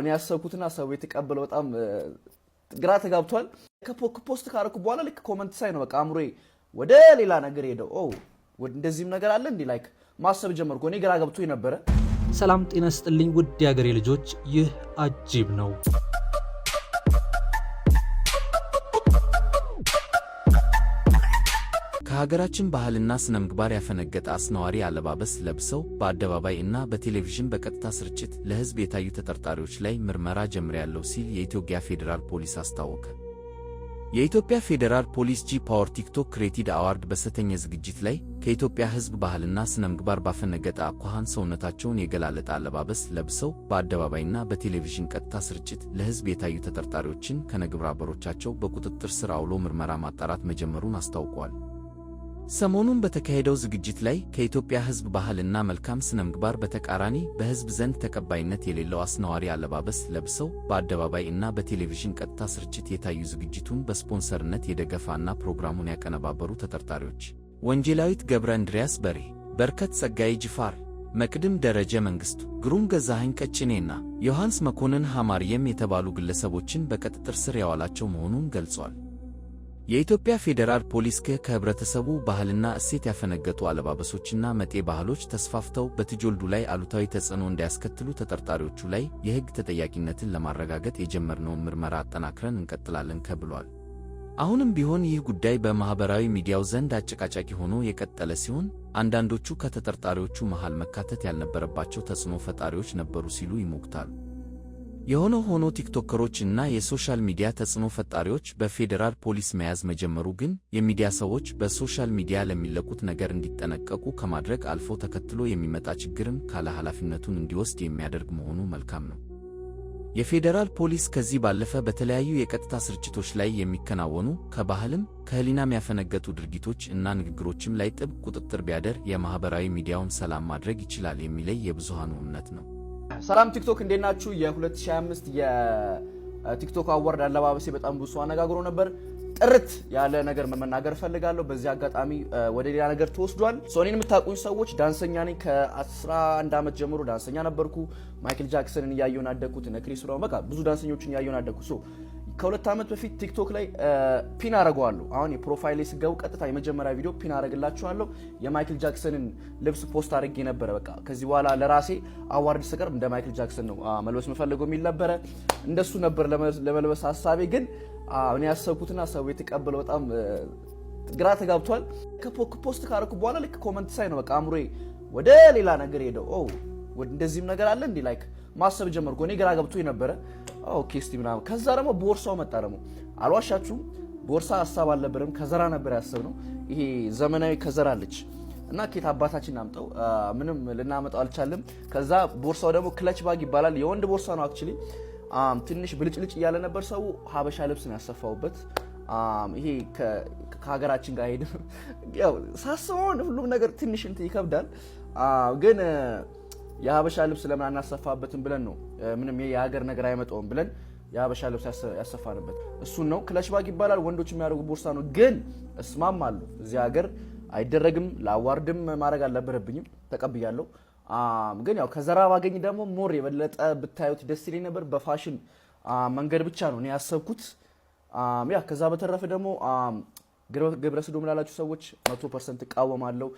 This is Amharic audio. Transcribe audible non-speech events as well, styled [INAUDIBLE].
እኔ ያሰብኩትና ሰው የተቀበለ በጣም ግራ ተጋብቷል። ከፖስት ካረኩ በኋላ ልክ ኮመንት ሳይ ነው በቃ አእምሮዬ ወደ ሌላ ነገር ሄደው እንደዚህም ነገር አለ እንዲ ላይክ ማሰብ ጀመርኩ። እኔ ግራ ገብቶ ነበረ። ሰላም ጤና ስጥልኝ ውድ የአገሬ ልጆች፣ ይህ አጂብ ነው። ከሀገራችን ባህልና ስነ ምግባር ያፈነገጠ አስነዋሪ አለባበስ ለብሰው በአደባባይ እና በቴሌቪዥን በቀጥታ ስርጭት ለሕዝብ የታዩ ተጠርጣሪዎች ላይ ምርመራ ጀምሬያለሁ ሲል የኢትዮጵያ ፌዴራል ፖሊስ አስታወቀ። የኢትዮጵያ ፌዴራል ፖሊስ ጂ ፓወር ቲክቶክ ክሬቲድ አዋርድ በሰተኛ ዝግጅት ላይ ከኢትዮጵያ ሕዝብ ባህልና ስነ ምግባር ባፈነገጠ አኳኋን ሰውነታቸውን የገላለጠ አለባበስ ለብሰው በአደባባይና በቴሌቪዥን ቀጥታ ስርጭት ለሕዝብ የታዩ ተጠርጣሪዎችን ከነግብረ አበሮቻቸው በቁጥጥር ስር አውሎ ምርመራ ማጣራት መጀመሩን አስታውቋል። ሰሞኑን በተካሄደው ዝግጅት ላይ ከኢትዮጵያ ሕዝብ ባህልና መልካም ስነ ምግባር በተቃራኒ በሕዝብ ዘንድ ተቀባይነት የሌለው አስነዋሪ አለባበስ ለብሰው በአደባባይ እና በቴሌቪዥን ቀጥታ ስርጭት የታዩ ዝግጅቱን በስፖንሰርነት የደገፋና ፕሮግራሙን ያቀነባበሩ ተጠርጣሪዎች ወንጀላዊት ገብረ እንድሪያስ በሬ፣ በርከት ጸጋዬ ጅፋር፣ መቅድም ደረጀ መንግሥቱ፣ ግሩም ገዛኸኝ ቀጭኔና ዮሐንስ መኮንን ሐማርየም የተባሉ ግለሰቦችን በቁጥጥር ስር ያዋላቸው መሆኑን ገልጿል። የኢትዮጵያ ፌዴራል ፖሊስ ክህ ከህብረተሰቡ ባህልና እሴት ያፈነገጡ አለባበሶችና መጤ ባህሎች ተስፋፍተው በትጆልዱ ላይ አሉታዊ ተጽዕኖ እንዳያስከትሉ ተጠርጣሪዎቹ ላይ የሕግ ተጠያቂነትን ለማረጋገጥ የጀመርነውን ምርመራ አጠናክረን እንቀጥላለን ከብሏል። አሁንም ቢሆን ይህ ጉዳይ በማኅበራዊ ሚዲያው ዘንድ አጨቃጫቂ ሆኖ የቀጠለ ሲሆን አንዳንዶቹ ከተጠርጣሪዎቹ መሃል መካተት ያልነበረባቸው ተጽዕኖ ፈጣሪዎች ነበሩ ሲሉ ይሞግታሉ። የሆነ ሆኖ ቲክቶከሮች እና የሶሻል ሚዲያ ተጽዕኖ ፈጣሪዎች በፌዴራል ፖሊስ መያዝ መጀመሩ ግን የሚዲያ ሰዎች በሶሻል ሚዲያ ለሚለቁት ነገር እንዲጠነቀቁ ከማድረግ አልፎ ተከትሎ የሚመጣ ችግርም ካለ ኃላፊነቱን እንዲወስድ የሚያደርግ መሆኑ መልካም ነው። የፌዴራል ፖሊስ ከዚህ ባለፈ በተለያዩ የቀጥታ ስርጭቶች ላይ የሚከናወኑ ከባህልም ከህሊናም ያፈነገጡ ድርጊቶች እና ንግግሮችም ላይ ጥብቅ ቁጥጥር ቢያደር የማኅበራዊ ሚዲያውን ሰላም ማድረግ ይችላል የሚለይ የብዙሃኑ እምነት ነው። ሰላም ቲክቶክ እንዴት ናችሁ? የ2025 የቲክቶክ አዋርድ አለባበሴ በጣም ብሶ አነጋግሮ ነበር። ጥርት ያለ ነገር መናገር እፈልጋለሁ። በዚህ አጋጣሚ ወደ ሌላ ነገር ተወስዷል። ሶኒን የምታውቁኝ ሰዎች ዳንሰኛ ነኝ። ከ11 ዓመት ጀምሮ ዳንሰኛ ነበርኩ። ማይክል ጃክሰንን እያየሁ አደግኩት። እነ ክሪስ ሮክ፣ በቃ ብዙ ዳንሰኞችን እያየሁ አደግኩት። ከሁለት ዓመት በፊት ቲክቶክ ላይ ፒን አረገዋለሁ። አሁን የፕሮፋይል ስገቡ ቀጥታ የመጀመሪያ ቪዲዮ ፒን አረግላችኋለሁ። የማይክል ጃክሰንን ልብስ ፖስት አድርጌ ነበረ። በቃ ከዚህ በኋላ ለራሴ አዋርድ ስቀርብ እንደ ማይክል ጃክሰን ነው መልበስ የምፈልገው የሚል ነበረ። እንደሱ ነበር ለመልበስ ሀሳቤ። ግን እኔ ያሰብኩትና ሰው የተቀበለው በጣም ግራ ተጋብቷል። ፖስት ካረኩ በኋላ ልክ ኮመንት ሳይ ነው በቃ አእምሮዬ ወደ ሌላ ነገር ሄደው እንደዚህም ነገር አለ እንዲ ላይክ ማሰብ ጀመርኩ። እኔ ግራ ገብቶ የነበረ ኦኬ ምናምን። ከዛ ደግሞ ቦርሳው መጣ። ደግሞ አልዋሻችሁም ቦርሳ ሀሳብ አልነበረም፣ ከዘራ ነበር ያሰብነው። ይሄ ዘመናዊ ከዘራ አለች እና ኬት አባታችን አምጠው ምንም ልናመጣው አልቻለም። ከዛ ቦርሳው ደግሞ ክለች ባግ ይባላል። የወንድ ቦርሳ ነው አክቹሊ። ትንሽ ብልጭልጭ እያለ ነበር። ሰው ሀበሻ ልብስ ነው ያሰፋውበት። ይሄ ከሀገራችን ጋር ሄድ [LAUGHS] ሳስበውን ሁሉም ነገር ትንሽ እንትን ይከብዳል ግን የሀበሻ ልብስ ለምን አናሰፋበትም ብለን ነው ምንም የሀገር ነገር አይመጣውም ብለን የሀበሻ ልብስ ያሰፋንበት እሱን ነው። ክለሽባክ ይባላል። ወንዶች የሚያደርጉ ቦርሳ ነው። ግን እስማም አሉ እዚህ ሀገር አይደረግም። ለአዋርድም ማድረግ አልነበረብኝም። ተቀብያለሁ። ግን ያው ከዘራ ባገኝ ደግሞ ሞር የበለጠ ብታዩት ደስ ይለኝ ነበር። በፋሽን መንገድ ብቻ ነው እኔ ያሰብኩት። ያ ከዛ በተረፈ ደግሞ ግብረ ሰዶም ላላችሁ ሰዎች መቶ ፐርሰንት እቃወማለሁ።